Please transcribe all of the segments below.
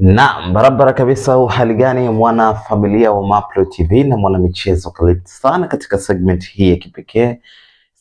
Na barabara kabisa. Hali gani mwana familia wa Mapro TV na mwana michezo, karibu sana katika segment hii ya kipekee,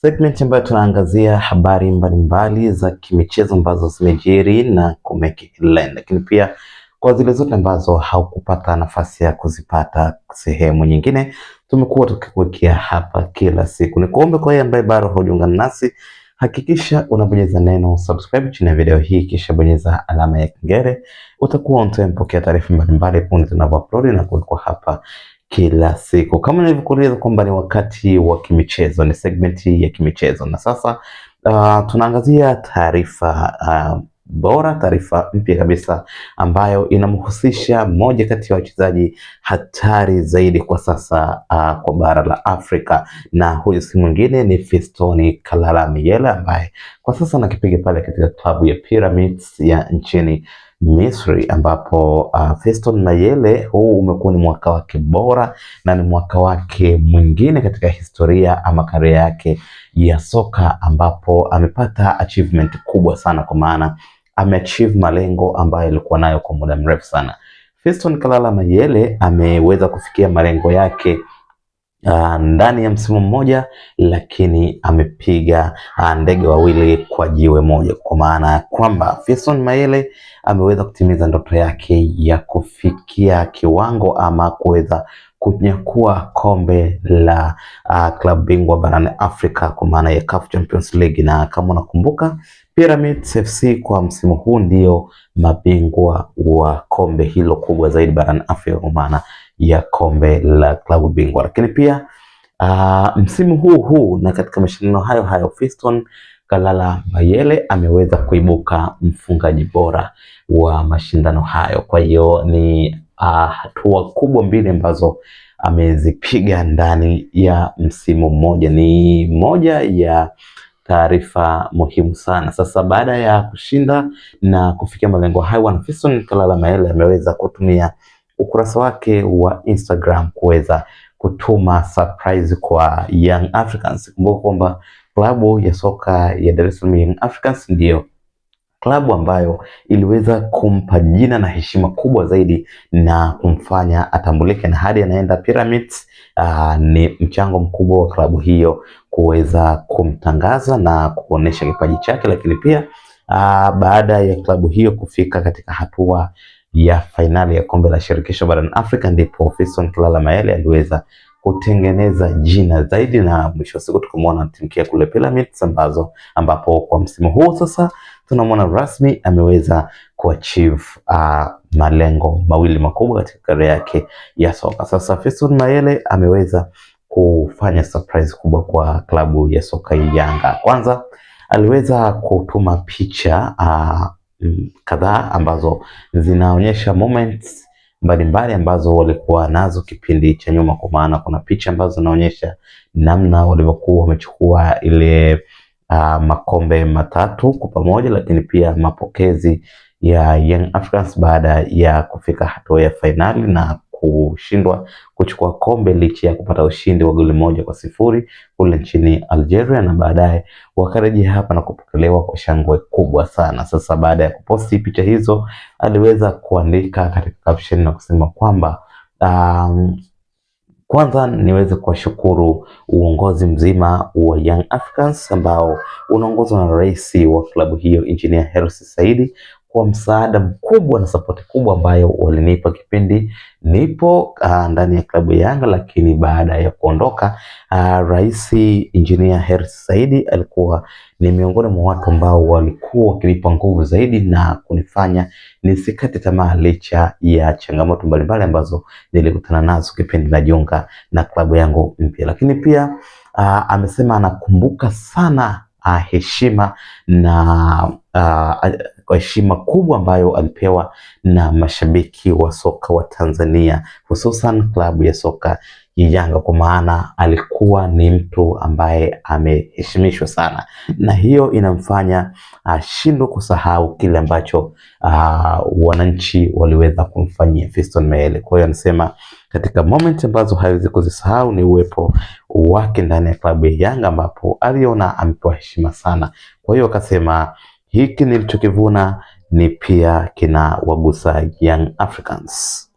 segment ambayo tunaangazia habari mbalimbali mbali za kimichezo ambazo zimejiri na kumeki land, lakini pia kwa zile zote ambazo haukupata nafasi ya kuzipata sehemu nyingine, tumekuwa tukikuwekea hapa kila siku. Ni kuombe kwa yeye ambaye bado haujiungana nasi Hakikisha unabonyeza neno subscribe chini ya video hii, kisha bonyeza alama ya kengele. Utakuwa mpokea taarifa mbalimbali punde tunapoupload na kuwekwa hapa kila siku. Kama nilivyokueleza kwamba ni wakati wa kimichezo, ni segmenti ya kimichezo, na sasa uh, tunaangazia taarifa uh, bora, taarifa mpya kabisa ambayo inamhusisha mmoja kati ya wachezaji hatari zaidi kwa sasa uh, kwa bara la Afrika, na huyu si mwingine ni Fistoni Kalala Miyela ambaye kwa sasa anakipiga pale katika klabu ya Pyramids ya nchini Misri ambapo uh, ah, Feston Mayele huu umekuwa ni mwaka wake bora na ni mwaka wake mwingine katika historia ama kariera yake ya soka ambapo amepata achievement kubwa sana kwa maana ameachieve malengo ambayo alikuwa nayo kwa muda mrefu sana. Fiston Kalala Mayele ameweza kufikia malengo yake Uh, ndani ya msimu mmoja lakini amepiga uh, ndege wawili kwa jiwe moja, kwa maana ya kwamba Fiston Mayele ameweza kutimiza ndoto yake ya kufikia kiwango ama kuweza kunyakua kombe la uh, klabu bingwa barani Afrika kwa maana ya CAF Champions League, na kama unakumbuka Pyramids FC kwa msimu huu ndio mabingwa wa kombe hilo kubwa zaidi barani Afrika kwa maana ya kombe la klabu bingwa. Lakini pia uh, msimu huu huu na katika mashindano hayo hayo Fiston Kalala Mayele ameweza kuibuka mfungaji bora wa mashindano hayo. Kwa hiyo ni uh, hatua kubwa mbili ambazo amezipiga ndani ya msimu mmoja. Ni moja ya taarifa muhimu sana. Sasa baada ya kushinda na kufikia malengo hayo, Wanafiso Kalala Mayele ameweza kutumia ukurasa wake wa Instagram kuweza kutuma surprise kwa Young Africans. Kumbuka kwamba klabu ya soka ya Dar es Salaam Young Africans ndiyo klabu ambayo iliweza kumpa jina na heshima kubwa zaidi na kumfanya atambulike na hadi anaenda Pyramids. Uh, ni mchango mkubwa wa klabu hiyo kuweza kumtangaza na kuonesha kipaji chake, lakini pia uh, baada ya klabu hiyo kufika katika hatua ya fainali ya kombe la shirikisho barani Afrika ndipo Fiston Kilala Mayele aliweza kutengeneza jina zaidi na mwisho wa siku tukamwona anatumikia kule Pyramids ambazo ambapo kwa msimu huu sasa tunamwona rasmi ameweza kuachieve uh, malengo mawili makubwa katika karia yake ya soka. Sasa Fiston Mayele ameweza kufanya surprise kubwa kwa klabu ya soka ya Yanga. Kwanza aliweza kutuma picha uh, kadhaa ambazo zinaonyesha moments mbalimbali ambazo walikuwa nazo kipindi cha nyuma, kwa maana kuna picha ambazo zinaonyesha namna walivyokuwa wamechukua ile uh, makombe matatu kwa pamoja, lakini pia mapokezi ya Young Africans baada ya kufika hatua ya fainali na kushindwa kuchukua kombe licha ya kupata ushindi wa goli moja kwa sifuri kule nchini Algeria, na baadaye wakarejea hapa na kupokelewa kwa shangwe kubwa sana. Sasa baada ya kuposti picha hizo, aliweza kuandika katika caption na kusema kwamba um, kwanza niweze kuwashukuru uongozi mzima wa Young Africans ambao unaongozwa na rais wa klabu hiyo Engineer Hersi Saidi kwa msaada mkubwa na sapoti kubwa ambayo walinipa kipindi nipo uh, ndani ya klabu ya Yanga, lakini baada ya kuondoka uh, Rais Injinia Hersi Saidi alikuwa ni miongoni mwa watu ambao walikuwa wakinipa nguvu zaidi na kunifanya nisikate tamaa licha ya changamoto mbalimbali ambazo nilikutana nazo kipindi najiunga na klabu yangu mpya. Lakini pia uh, amesema anakumbuka sana uh, heshima na uh, kwa heshima kubwa ambayo alipewa na mashabiki wa soka wa Tanzania, hususan klabu ya soka ya Yanga, kwa maana alikuwa ni mtu ambaye ameheshimishwa sana, na hiyo inamfanya ashindwe ah, uh, kusahau kile ambacho uh, wananchi waliweza kumfanyia Fiston Mayele. Kwa hiyo anasema katika moment ambazo hawezi kuzisahau ni uwepo wake ndani ya klabu ya Yanga, ambapo aliona amepewa heshima sana. Kwa hiyo akasema hiki nilichokivuna ni pia kina wagusa Young Africans.